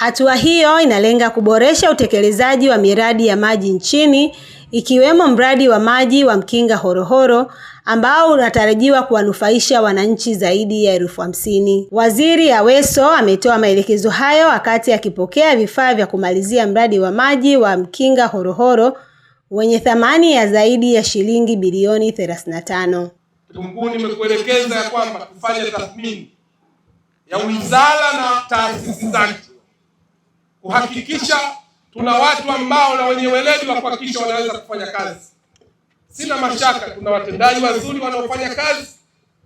Hatua hiyo inalenga kuboresha utekelezaji wa miradi ya maji nchini ikiwemo mradi wa maji wa Mkinga Horohoro ambao unatarajiwa kuwanufaisha wananchi zaidi ya elfu hamsini. Waziri Aweso ametoa maelekezo hayo wakati akipokea vifaa vya kumalizia mradi wa maji wa Mkinga Horohoro wenye thamani ya zaidi ya shilingi bilioni 35. Mkuu, nimekuelekeza ya kwamba kufanya tathmini ya wizara na taasisi zake kuhakikisha tuna watu ambao na wenye weledi wa kuhakikisha wanaweza kufanya kazi. Sina mashaka tuna watendaji wazuri wanaofanya kazi,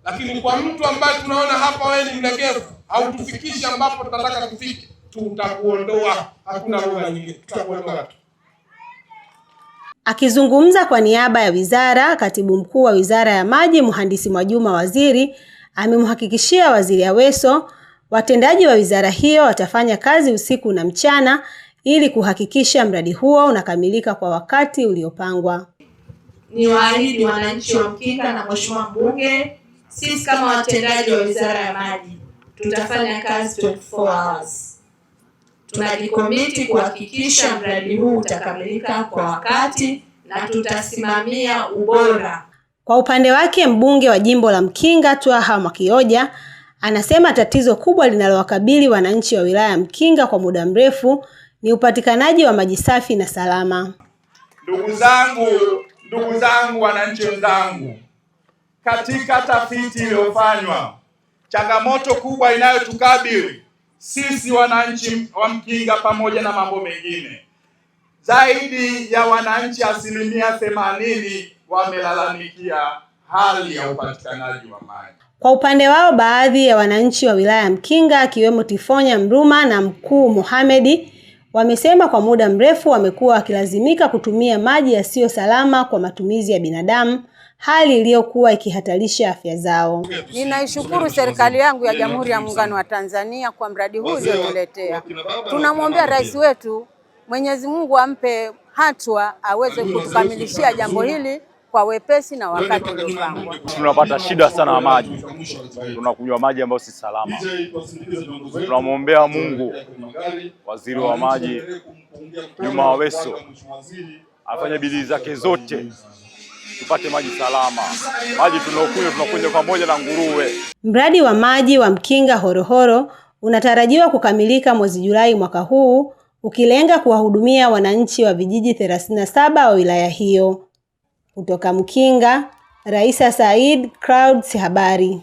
lakini kwa mtu ambaye tunaona hapa wewe ni mlegevu, hautufikishi ambapo tunataka tufike, tutakuondoa. Hakuna lugha nyingine, tutakuondoa tu. Akizungumza kwa niaba ya wizara, katibu mkuu wa wizara ya maji mhandisi Mwajuma Waziri amemhakikishia Waziri Aweso Watendaji wa wizara hiyo watafanya kazi usiku na mchana ili kuhakikisha mradi huo unakamilika kwa wakati uliopangwa. ni waahidi wananchi wa Mkinga na Mheshimiwa Mbunge, sisi kama watendaji wa wizara ya maji tutafanya kazi 24 hours. Tunajikomiti kuhakikisha mradi huu utakamilika kwa wakati na tutasimamia ubora. Kwa upande wake, mbunge wa jimbo la Mkinga Twaha Mwakioja Anasema tatizo kubwa linalowakabili wananchi wa wilaya ya Mkinga kwa muda mrefu ni upatikanaji wa maji safi na salama. Ndugu zangu, ndugu zangu, wananchi wenzangu, katika tafiti iliyofanywa, changamoto kubwa inayotukabili sisi wananchi wa Mkinga pamoja na mambo mengine, zaidi ya wananchi asilimia themanini wamelalamikia hali ya upatikanaji wa maji. Kwa upande wao baadhi ya wananchi wa wilaya ya Mkinga akiwemo Tifonya Mruma na Mkuu Mohamedi wamesema kwa muda mrefu wamekuwa wakilazimika kutumia maji yasiyo salama kwa matumizi ya binadamu, hali iliyokuwa ikihatarisha afya zao. Ninaishukuru serikali yangu ya Jamhuri ya Muungano wa Tanzania kwa mradi huu uliotuletea. Tunamwombea rais wetu Mwenyezi Mungu ampe hatua aweze kutukamilishia jambo hili kwa wepesi na wakati uliopangwa. Tunapata shida sana ya maji, tunakunywa maji ambayo si salama. Tunamwombea Mungu waziri wa maji Juma Aweso afanye bidii zake zote tupate maji salama. Maji tunaokunywa tunakunywa pamoja na nguruwe. Mradi wa maji wa Mkinga Horohoro unatarajiwa kukamilika mwezi Julai mwaka huu ukilenga kuwahudumia wananchi wa vijiji 37 wa wilaya hiyo. Kutoka Mkinga, Raisa Said, Clouds Habari.